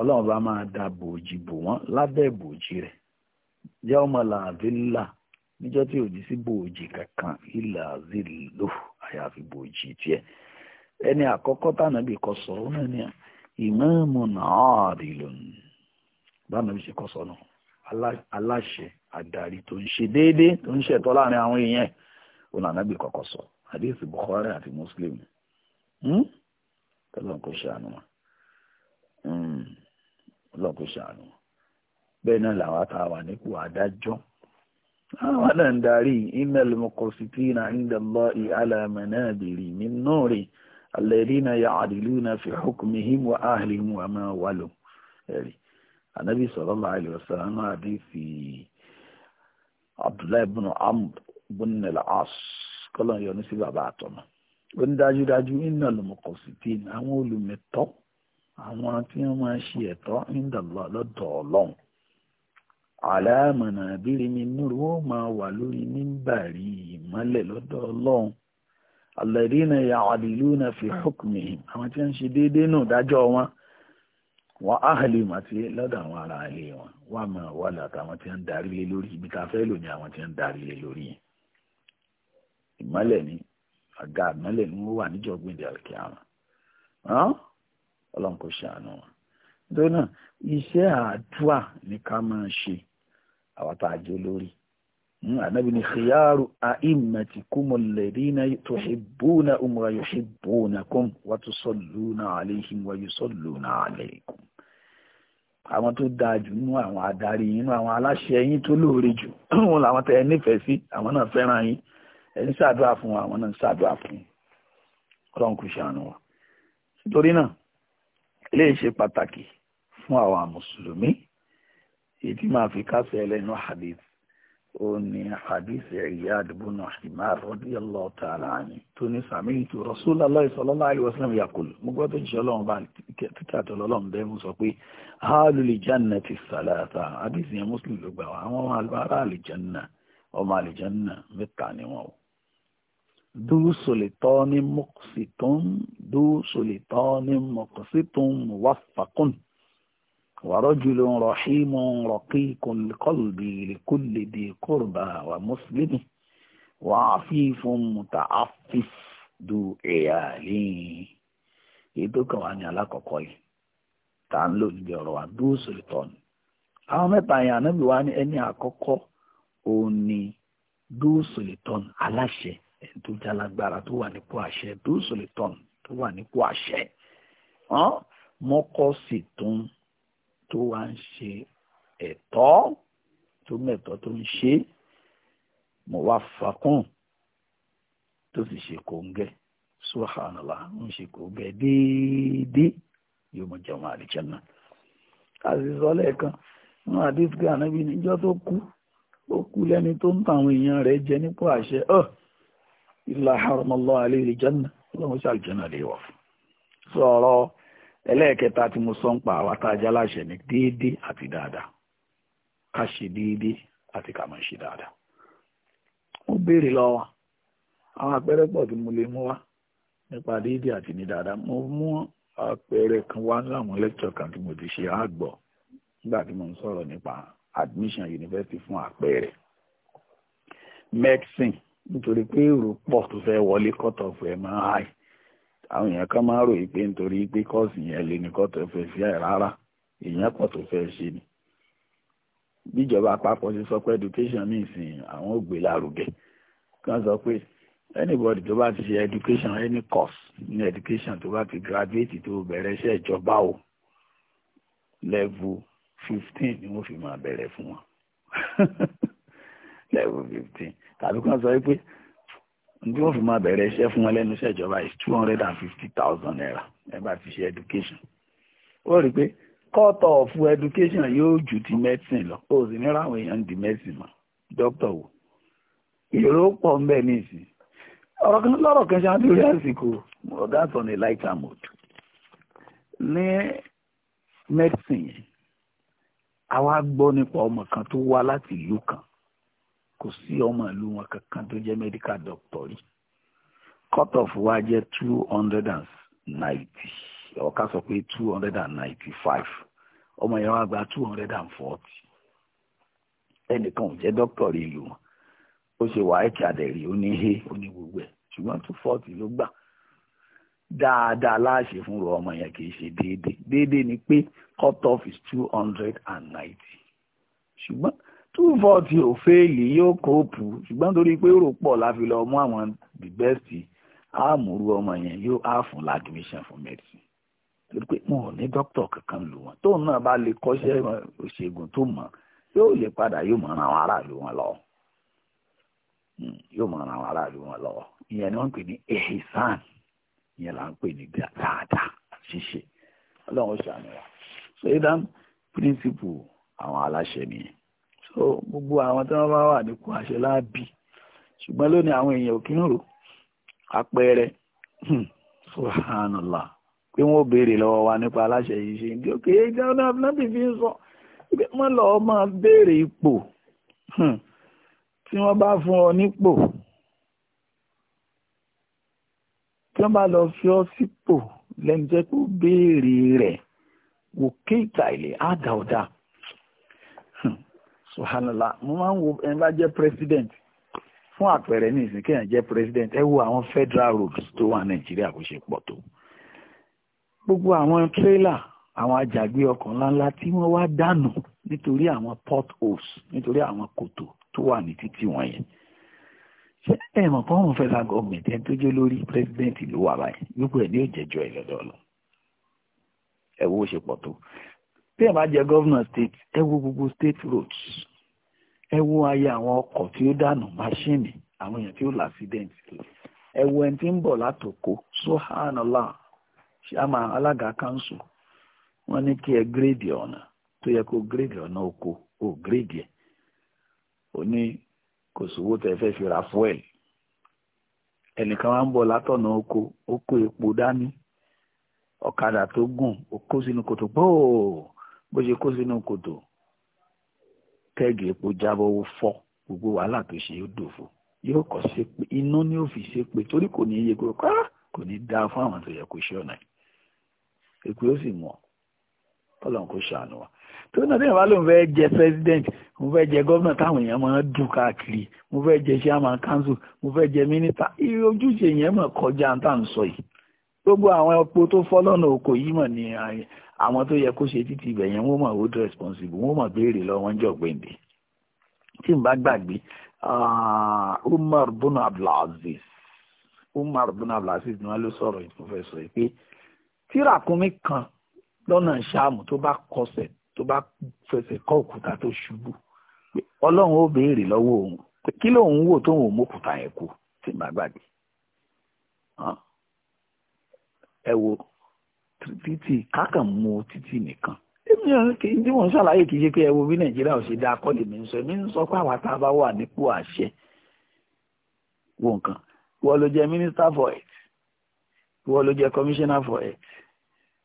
ọlọ́wọ́n bá máa da bòòjì bò wọ́n lábẹ́ bòòjì rẹ̀ jẹ́ ọmọ làbí ńlá níjọ́ tí òjì sí bòòjì kankan ìlà zìlò àyàfi bòòjì tiẹ̀ ẹni àkọ́kọ́ tànàbí kọ sọ̀rọ̀ náà ni ìmáàmù náà rí lónìí bánàbí ṣe kọ sọ̀nà aláṣẹ adarí tó ń ṣe déédéé tó ń ṣẹ̀tọ́ láàrin àwọn èèyàn ọ̀nà ànábì kọ̀kọ̀ sọ àdéhùn Bukhari àti Muslim tọ́lọ́n kò ṣàánú wọn ọlọ́run kò ṣàánú wọn hmm. bẹ́ẹ̀ náà làwọn àtàwà nípò adájọ́ àwọn náà ń darí innal muqsitina inda Allahi ala manabiri min nuri alladhina ya'diluna fi hukmihim wa ahlihim wa ma walu ẹ̀rí anabi sallallahu alaihi wasallam àdéhùn Abdullahi ibn Amr bónilẹ̀ as kọ́lọ̀ yọnu sí bàbá àtọ̀mọ́ ó ní dájúdájú iná lòmọkọ̀sìtìn àwọn olùmẹ̀tọ́ àwọn tí wọ́n máa ṣe ẹ̀tọ́ ìdàlọ́ lọ́dọ̀ ọlọ́run àlàmọ̀nà àbírí mi núrú ó máa wà lórí mímbàrí ìmọ́lẹ̀ lọ́dọ̀ ọlọ́run alladhina ya'diluna fi hukmihim àwọn tí wọ́n ṣe déédéé nù dájọ́ wọn wọn áhàlì màtí lọ́dọ̀ àwọn ará ilé wọn wọ́n máa wà látàwọn tí wọ́n darí lé lórí ibi tá a fẹ́ lò ní àwọn tí wọ́n darí lé lórí yẹn ìmọ́lẹ̀ ni àga ìmọ́lẹ̀ ni wọ́n wà níjọ́ gbèdé àkè àwọn ọlọ́run kò ṣàánú wọn. nítorí náà iṣẹ́ àdúà ni ká máa ṣe àwọn tá a jẹ́ olórí. ànábi ni khiyaru a'immatikumul ladina tuhibbuna umra yuhibbunakum wa tusalluna alayhim wa yusalluna alaykum. àwọn tó dáa jù nínú àwọn adarí yín nínú àwọn aláṣẹ yín tó lóore jù wọn làwọn tẹ ẹ nífẹ̀ẹ́ sí àwọn náà fẹ́ràn yín ẹ̀ ń ṣàdúrà fún wa àwọn náà ń ṣàdúrà fún ọlọ́run kò ṣàánú wa nítorí náà eléyìí ṣe pàtàkì fún àwa mùsùlùmí èyí tí màá fi kásẹ̀ ẹlẹ́nu hadith ó ní hadith Iyad ibn Himar radiyallahu ta'ala anhu tó ní sami'tu Rasulullahi sallallahu alaihi wasallam yaqul mo gbọ́ tó jíṣẹ́ ọlọ́run bá títà tó lọ́lọ́run bẹ́ẹ̀ mú sọ pé halul jannati salata hadith yẹn mùsùlùmí ló gbà wá àwọn ọmọ àlùbárà àlùjánná ọmọ àlùjánná mẹ́ta ni wọ́n o du sulitani muqsitun du sulitani muqsitun muwaffaqun wa rajulun rahimun raqiqun liqalbi likulli di qurba wa muslimi wa afifun muta'affif du iyali ètò kan wà ní alákọ̀ọ́kọ́ yìí tá à ń lò níbi ọ̀rọ̀ wa du sulitani àwọn mẹ́ta yẹn ànábì wa ní ẹni àkọ́kọ́ òun ni du sulitani aláṣẹ ẹni tó jalagbára tó wà nípò àṣẹ tó sòlítọ́n tó wà nípò àṣẹ mọ́kọ́sì tún tó wá ń ṣe ẹ̀tọ́ tó mẹ́tọ́ tó ń ṣe mọ̀ wá fakún tó sì ṣe kòǹgẹ́ subhanallah ń ṣe kòǹgẹ́ déédéé yóò mọ̀ jẹun àlìjẹ́nà àti sọ lẹ́ẹ̀kan wọn àdìsí ànábì níjọ́ tó kú ó kú lẹ́ni tó ń tàwọn èèyàn rẹ̀ jẹ nípò àṣẹ ọ́. Oh ilá haramallah alayhi janna ọlọ́run sí àlùjànnà lè wọ̀ fún. sọ̀rọ̀ ẹlẹ́ẹ̀kẹta tí mo sọ ń pa àwa tá a jáláṣẹ ní déédéé àti dáadáa ká ṣe déédéé àti ká máa ṣe dáadáa. mo béèrè lọ́wọ́ àwọn àpẹẹrẹ pọ̀ tí mo lè mú wá nípa déédéé àti ní dáadáa mo mú àpẹẹrẹ kan wá láwọn lẹ́kítọ̀ kan tí mo ti ṣe àgbọ̀ nígbà tí mo ń sọ̀rọ̀ nípa admission university fún àpẹẹrẹ medicine nítorí pé èrò pọ̀ tó fẹ́ wọlé kọ́tọ̀ fẹ́ máa háì àwọn èèyàn kan máa ròyìn pé nítorí pé kọ́ọ̀sì yẹn lè ní kọ́tọ̀ fẹ́ sí àì rárá èèyàn pọ̀ tó fẹ́ ṣe ni bíjọba àpapọ̀ ṣe sọ pé education means àwọn ò gbé lárugẹ kan sọ pé anybody tó bá ti ṣe education any course ní education tó bá ti graduate tó bẹ̀rẹ̀ iṣẹ́ ìjọba o level fifteen ni wọ́n fi máa bẹ̀rẹ̀ fún wọn level fifteen tàbí kan sọ wípé tí wọ́n fi máa bẹ̀rẹ̀ iṣẹ́ fún wọn lẹ́nu iṣẹ́ ìjọba is two hundred and fifty thousand naira ẹ bá ti ṣe education ó rí i pé cut off education yóò jù ti medicine lọ ó sì nírò àwọn èèyàn di medicine mọ́ doctor wò èrò pọ̀ ń bẹ ní ìsìn ọ̀rọ̀ kan lọ́rọ̀ kan ṣáájú rí àsìkò that's on a lighter mode ní medicine yẹn àwa gbọ́ nípa ọmọ kan tó wá láti ìlú kan kò sí ọmọ ìlú wọn kankan tó jẹ́ medical doctor rí cut off wa jẹ́ two hundred and ninety ọ̀ka sọ pé two hundred and ninety five ọmọ yẹn wá gba two hundred and forty ẹnìkan ò jẹ́ doctor rí ìlú wọn ó ṣe wàá ìkàdé rí ó ní he ó ní gbogbo ẹ̀ ṣùgbọ́n two forty ló gbà dáadáa láàṣẹ fún rọ ọmọ yẹn kì í ṣe déédéé déédéé ni pé cut off is two hundred and ninety ṣùgbọ́n two forty ò fẹ́ẹ̀lì yóò kóòpù ṣùgbọ́n torí pé rò pọ̀ la fi lọ mú àwọn the best àmúrú ọmọ yẹn yóò á fún admission for medicine torí pé wọn ò ní dókítà kankan lù wọn tóun náà bá lè kọ́ṣẹ́ òṣègùn tó mọ̀ yóò lè padà yóò mọ̀ ran àwọn aráàlú wọn lọ hmm, yóò mọ̀ ran àwọn aráàlú wọn lọ ìyẹn ni wọ́n ń pè ní ehisan ìyẹn là ń pè ní dáadáa ṣíṣe ọlọ́run ṣàmì wa so idan principle àwọn aláṣẹ nìyẹn so gbogbo àwọn tí wọ́n bá wà nípò àṣẹ láàbì ṣùgbọ́n lónìí àwọn èèyàn ò kí ń rò àpẹẹrẹ hmm, subhanallah pé wọ́n ò béèrè lọ́wọ́ wa nípa aláṣẹ yìí ṣe ní òkè ìdáwọn abúlé fi ń sọ pé wọ́n lọ́ọ́ máa béèrè ipò hmm, tí wọ́n bá fún ọ nípò tí wọ́n bá lọ fi ọ́ sípò lẹ́nu jẹ́ kó béèrè rẹ̀ wò kéèkà ilé àdáọ̀dá subhanallah mo máa ń wo ẹni bá jẹ́ president fún àpẹẹrẹ ní ìsìn kéèyàn jẹ́ president ẹ wo àwọn federal roads tó wà nàìjíríà kò ṣe pọ̀ tó gbogbo àwọn trailer àwọn ajàgbé ọkọ̀ ńláńlá tí wọ́n wá dànù nítorí àwọn potholes nítorí àwọn kòtò tó wà ní títì wọ̀nyẹn ṣé ẹ mọ̀ pé wọ́n federal government ẹni tó jẹ́ lórí president ló wà báyìí gbogbo ẹ̀ ní òjẹ̀jọ́ ẹ̀ lọ́dọọlọ ẹ wo ṣe pọ̀ tó tí ẹ̀ bá jẹ́ governor state ẹ wo gbogbo state roads ẹ wo ayé àwọn ọkọ̀ tí ó dànù máṣíìnì àwọn èèyàn tí ó là accident ẹ wo ẹni tí ń bọ̀ látòkó sohanala ṣàmà alága kanṣu wọ́n ní kí ẹ gírèdì ọ̀nà tó yẹ kó gírèdì ọ̀nà oko ò gírèdì ẹ̀ ó ní kò sówó tẹ fẹ́ fi ra fuel ẹnìkan wá ń bọ̀ látọ̀nà oko ó kó epo dání ọ̀kadà tó gùn ó kó sínú kòtò gbòò bó ṣe kó sínú kòtò kẹ́ẹ̀gì epo jábọ́ ó fọ́ gbogbo wàhálà tó ṣe ó dòfo yóò kọ́ ṣépè iná ni ó fi ṣépè torí kò ní iye kúrò kò ní dáa fún àwọn tó yẹ kó ṣe ọ̀nà èpè ó sì mú tọ́lọ́n kò ṣàánú wa tó náà tẹ́yìn bá fẹ́ jẹ president mo fẹ́ jẹ gómìnà táwọn èèyàn máa ń dùn káàkiri mo fẹ́ jẹ chairman council mo fẹ́ jẹ minister irú ojúṣe yẹn mọ̀ kọjá tá à ń sọ yìí gbogbo àwọn epo tó fọ́ lọ́nà oko yìí mọ̀ ní àwọn tó yẹ kó ṣe títí ibẹ̀ yẹn wọ́n mọ̀ hold responsible wọ́n mọ̀ béèrè lọ́wọ́ ń jọ gbèǹde tí n bá gbàgbé ah, Umar bin Abdulaziz Umar bin Abdulaziz ni wọ́n ló sọ̀rọ̀ ìfọ̀fẹ́sọ̀ yìí pé tírakúnmí kan lọ́nà ṣáàmù tó bá kọsẹ̀ tó bá fẹsẹ̀ kọ́ òkúta tó ṣubú ọlọ́run ó béèrè lọ́wọ́ òun kí lóun wò tóun ò mókúta yẹn kú tí n bá gbàgbé ah, ẹ wo títì kákàn mú títì nìkan èmi tí wọ́n ṣàlàyé kì í ṣe pé ẹ wo bí nàìjíríà ò ṣe dáa kọ́ lèmi ń sọ èmi ń sọ pé àwa tá bá wà nípò àṣẹ wo nǹkan wọ́n ló jẹ́ minister for health wọ́n ló jẹ́ commissioner for health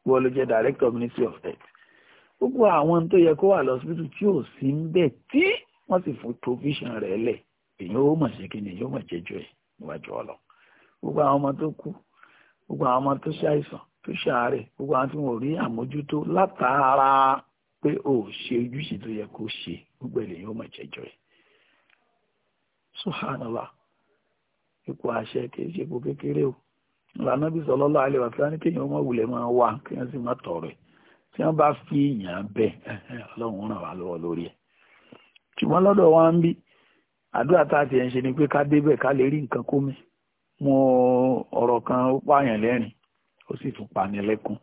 wọ́n ló jẹ́ director ministry of health gbogbo àwọn tó yẹ kó wà lọ́sibítù tí ò sí ń bẹ̀ tí wọ́n sì fún provision rẹ̀ lẹ̀ èyàn ó mọ̀ ṣe kí ni èyàn ó mọ̀ jẹjọ́ ẹ̀ níwájú ọlọ gbogbo àwọn ọmọ tó kú gbogbo àwọn ọmọ tó ṣàìsàn tó ṣàárẹ̀ gbogbo àwọn tí wọn ò rí àmójútó látara pé ò ṣe ojúṣe tó yẹ kó ṣe gbogbo ènìyàn ó mọ̀ jẹjọ ẹ̀ ipò àṣẹ kìí ṣe ipò kékeré o ìlànà bí sallallahu alaihi wasallam ní kéèyàn ọmọ wulẹ̀ máa wà kéèyàn sì má tọrọ ẹ̀ tí wọ́n bá fi èèyàn bẹ̀ ọlọ́run ràn wá lọ́wọ́ lórí ẹ̀ ṣùgbọ́n lọ́dọ̀ wa ń bí àdúrà tá a ti ẹ̀ ń ṣe ni pé ká débẹ̀ ká lè rí nǹkan kó mi mo ọ̀rọ̀ kan ó pààyàn lẹ́rìn ó sì tún pani lẹ́kún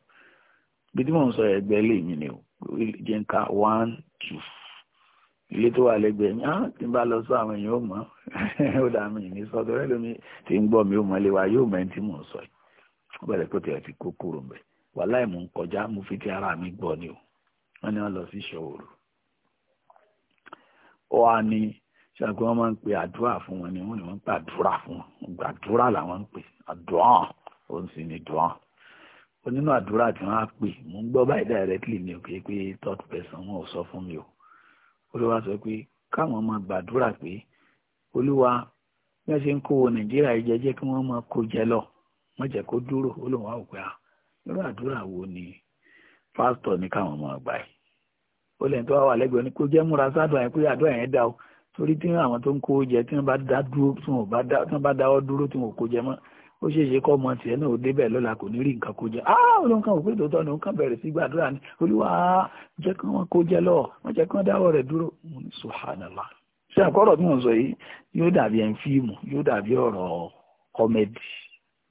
bí tí mò ń sọ ẹgbẹ́ lè mí ni o one two ilé tó wà lẹ́gbẹ̀ẹ́ mi ah tí n bá lọ sọ àwọn èèyàn ò mọ̀ ó dà mí ní sọ́dọ̀ rẹ lómi tí ń gbọ́ mi ò mọ̀ lé wa yóò mọ̀ ẹni tí mò ń sọ yìí ó bẹ̀rẹ̀ pé tiẹ̀ ti kó kúrò mbẹ̀ wàláì mò ń kọjá mo fi ti ara mi gbọ́ ni o wọ́n ní wọ́n lọ sí ìṣòro ó wá ní ṣàgbọ́n wọn máa ń pe àdúrà fún wọn ni wọ́n ní wọ́n ń pe àdúrà fún wọn gbàdúrà làwọn ń pe àdúrà òun sì ní dùn án onínú àdúrà tí wọ́n á pè mò ń gbọ́ báyìí directly ni òkè pé third person wọn ò sọ fún mi o olúwa sọ pé káwọn máa gbàdúrà pé olúwa bí wọ́n ṣe ń kó wo nàìjíríà jẹ jẹ́ kí wọ́n máa kó jẹ lọ wọ́n jẹ́ kó dúró olùwà ò pé à irú àdúrà wo ni pásítọ̀ ní káwọn máa gbà yìí ó lẹ́yìn tó wà wà lẹ́gbẹ̀ẹ́ ni kó jẹ́ múra sádùn àyẹ̀kú àdúrà yẹn dá o torí tí àwọn tó ń kó jẹ tí wọ́n bá dáwọ́ dúró tí wọ́n kó jẹ mọ́ ó ṣeé ṣe kọ́ ọmọ tiẹ̀ náà ó débẹ̀ lọ́la kò ní rí nǹkan kó jẹ ah olóńkan òpin tòótọ́ ni òǹkan bẹ̀rẹ̀ sí gbàdúrà ni olúwa jẹ́ kí wọ́n kó jẹ lọ́wọ́ wọ́n jẹ́ kí wọ́n dáwọ́ rẹ̀ dúró subhanallah ṣé àkọ́rọ̀ bí wọ́n sọ yìí yóò dàbí ẹ̀ ń fíìmù yóò dàbí ọ̀rọ̀ kọ́mẹ́dì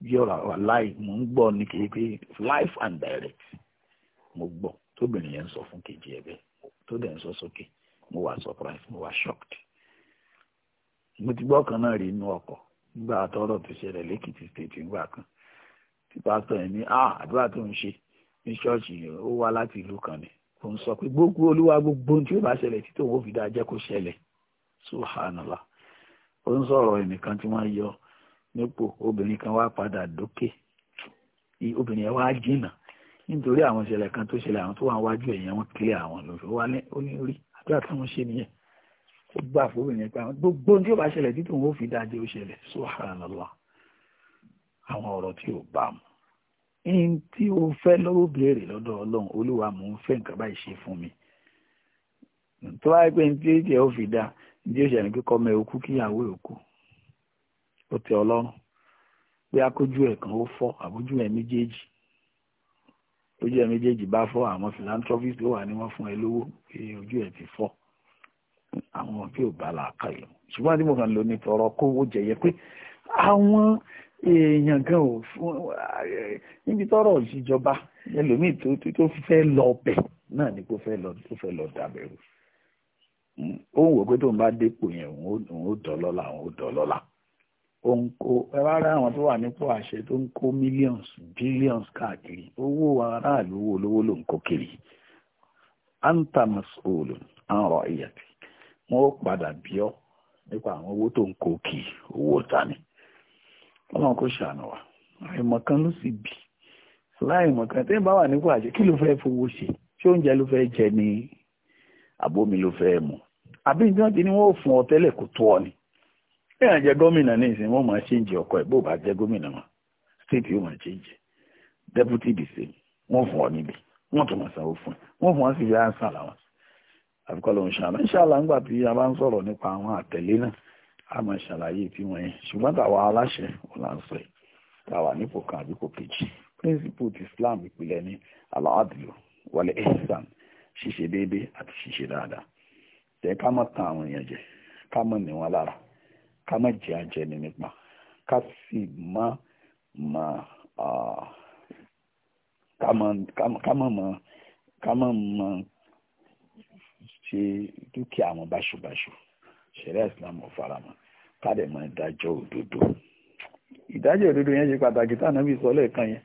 bí ọ̀rọ̀ aláì mò ń gbọ́ ni kì pé life and direct mo gbọ́ tóbìnrin yẹn ń sọ fún kejì ẹ̀ bẹ́ẹ̀ tó dẹ̀ ń sọ sókè mo wà surprise mo wà shocked mo ti gbọ́ kan náà rí inú ọkọ̀ nígbà tọ́rọ̀ tó ṣẹlẹ̀ lẹ́kìtì state ńgbà kan tí pásítọ̀ yẹn ní àdúrà tó ń ṣe ní ṣọ́ọ̀ṣì yẹn ó wá láti ìlú kan ni kò ń sọ pé gbogbo olúwa gbogbo tí ó bá ṣẹlẹ̀ tí tòun ò fi dáa jẹ́ kó ṣẹlẹ̀ subhanallah ó ń sọ̀rọ̀ ẹnìkan tí wọ́n yọ nípò obìnrin kan wá padà dókè obìnrin yẹn wá jìnnà nítorí àwọn ìṣẹ̀lẹ̀ kan tó ṣẹlẹ̀ àwọn tó wà wájú ẹ̀yẹn wọn kílẹ̀ àwọn lóṣù ó wá ní orí àdúrà tí wọ́n ṣe nìyẹn ó gbà fóbìnrin pé àwọn gbogbo tí ó bá ṣẹlẹ̀ títún ó fi dáadé ó ṣẹlẹ̀ subhanallah àwọn ọ̀rọ̀ tí ò bá mu ẹni tí o fẹ́ lọ́wọ́ béèrè lọ́dọ̀ ọlọ́run olúwa mò ń fẹ́ nǹkan báyìí ṣe fún mi tó wáyé pé ní tí ó jẹ́ ó fi dá ní ó ṣẹlẹ̀ kíkọ́ mẹ́ òkú kíyàwó òkú ó tẹ ọlọ́run pé akójú ẹ̀ kan ó fọ́ àbójú ẹ̀ méjèèjì ojú ẹ̀ méjèèjì bá fọ́ àwọn philanthropist ló wà ní wọ́n fún ẹ lówó pé ojú ẹ̀ ti fọ́ àwọn tí ò bá làákà yìí ṣùgbọ́n tí mo kàn lò ní tọrọ kówó jẹyẹ pé àwọn èèyàn gan ò fún níbi tọrọ ìṣèjọba ẹlòmíì tó tó fẹ́ lọ bẹ̀ náà ni kó fẹ́ lọ tó fẹ́ lọ dàbẹ̀rù ó ń wò pé tóun bá dépò yẹn òun ó dọ́lọ́lá òun ó dọ́lọ́lá òun kó ẹ bá rẹ àwọn tó wà nípò àṣẹ tó ń kó millions billions káàkiri owó aráàlú owó olówó ló ń kó kiri anta masoolu an rọ iyàtì wọ́n ó padà bí nípa àwọn owó tó ń kó kì owó ta ni ọlọ́run kò ṣàánú wa àìmọ̀ kan ló sì bì láìmọ̀ kan tẹ́ wà nípò àṣẹ kí ló fẹ́ fowó ṣe ṣé oúnjẹ ló fẹ́ jẹ àbómi ló fẹ́ mu àbí ní wọ́n ò fún ọ tẹ́lẹ̀ kó tó ni gómìnà ní ìsìn wọn máa ṣe ń jẹ ọkọ ẹ bó àfikọ́ ló ń ṣàlàyé inshallah ńgbà tí a bá ń sọ̀rọ̀ nípa àwọn àtẹ̀lé náà a máa ṣàlàyé tí wọ́n yẹn ṣùgbọ́n tàwa aláṣẹ wọn yìí tàwa nípò kan àbí kejì principle ti Islam ìpìlẹ̀ ní al-adlu wal-ihsan ṣíṣe déédéé àti ṣíṣe dáadáa tẹ ká má tan àwọn èèyàn jẹ ká má ní wọn lára ká má jẹ ajẹni nípa ká sì má ah, má ká má má ṣe dúkìá wọn báṣubàṣu ṣẹlẹ̀ islam ò faramọ́ káàdì mọ ìdájọ́ òdodo ìdájọ́ òdodo yẹn ṣe pàtàkì táwọn náà bí sọ lẹ́ẹ̀kan yẹn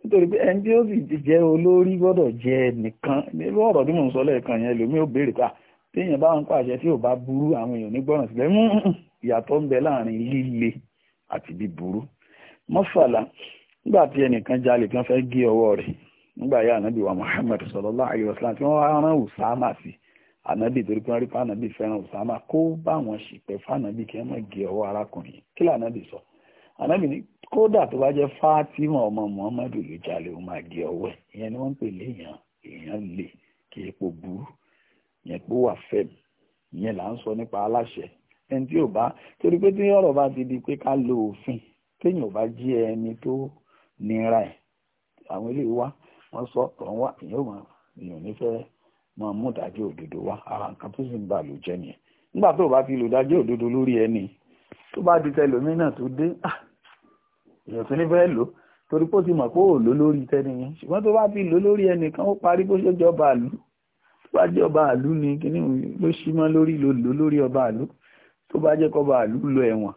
nítorí pé ẹni tí ó sì jẹ́ olórí gbọ́dọ̀ jẹ́ nìkan nínú ọ̀rọ̀ tí mò ń sọ lẹ́ẹ̀kan yẹn lèmi ò béèrè ká téèyàn bá ń pàṣẹ tí ò bá burú àwọn èèyàn nígbọràn sílẹ̀ mú ìyàtọ̀ ń bẹ láàrin líle àti bíburú mọ́fàlà nígbà tí ẹnìkan jalè kan fẹ́ gé ọwọ́ rẹ̀ nígbà yá ànábì wa Muhammad sallallahu alaihi wasallam tí wọ́n wá rán Usama sí i ànábì torí pé wọ́n rí fànábì fẹ́ràn Usama kó báwọn ṣìpẹ̀ fànábì kí wọ́n má gé ọwọ́ arákùnrin kí lànábì sọ ànábì ní kódà tó bá jẹ́ Fatima ọmọ Muhammadu ló jalè ó máa gé ọwọ́ ẹ̀ ìyẹn ni wọ́n ń pè léèyàn èèyàn lè kí epo burú yẹn pé ó wà fẹ́m ìyẹn là ń sọ nípa aláṣẹ ẹni tí ò bá torí pé tí ọ̀rọ̀ bá ti di pé ká lo òfin kéèyàn ò bá jí ẹni tó nira ẹ̀ àwọn eléyìí wá wọ́n sọ tọ̀ ń wá èèyàn ò mọ̀ èèyàn ò ní fẹ́rẹ́ máa mú ìdájọ́ òdodo wá ara nǹkan tó sì ń bà ló jẹ́ nìyẹn nígbà tó o bá fi lò dájọ́ òdodo lórí ẹni tó bá di tẹlòmínà tó dé èèyàn tó ní fẹ́ lò torí pé ó ti mọ̀ pé ó lò lórí tẹni yẹn ṣùgbọ́n tó bá fi lò lórí ẹnìkan ó parí bó ṣe jọba àlú tó bá jẹ́ ọba àlú ni kíní ló ṣí mọ́ lórí lò lò lórí ọba àlú tó bá jẹ́ kọba àlú lọ ẹ̀wọ̀n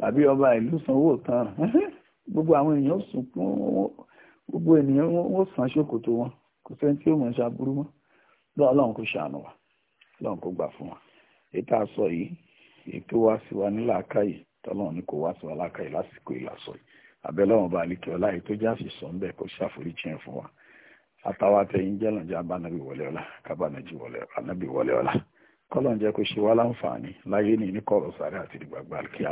tàbí ọba ìlú sanwó tán gbogbo àwọn èèyàn ó sùn gbogbo ènìyàn ó sàn ṣòkòtò wọn kò sẹ́ni tí ó mọ̀ ṣàbúrú mọ́ lọ́wọ́ kò ṣàánú wa kò gbà fún wa èyí tá a eto yìí wá sí wa ní làákàyè tọ́lọ́run ni kò wá sí wa làákàyè lásìkò ìlàsọ yìí abẹ́lọ́run bá tó sọ fún wa àtàwọn atẹ́yìn jẹ́ abánabi wọlé ọlá kábànájì wọlé anábì wọlé ọlá jẹ́ kó ṣe wá láǹfààní láyé ní ní sáré àti ìgbàgbà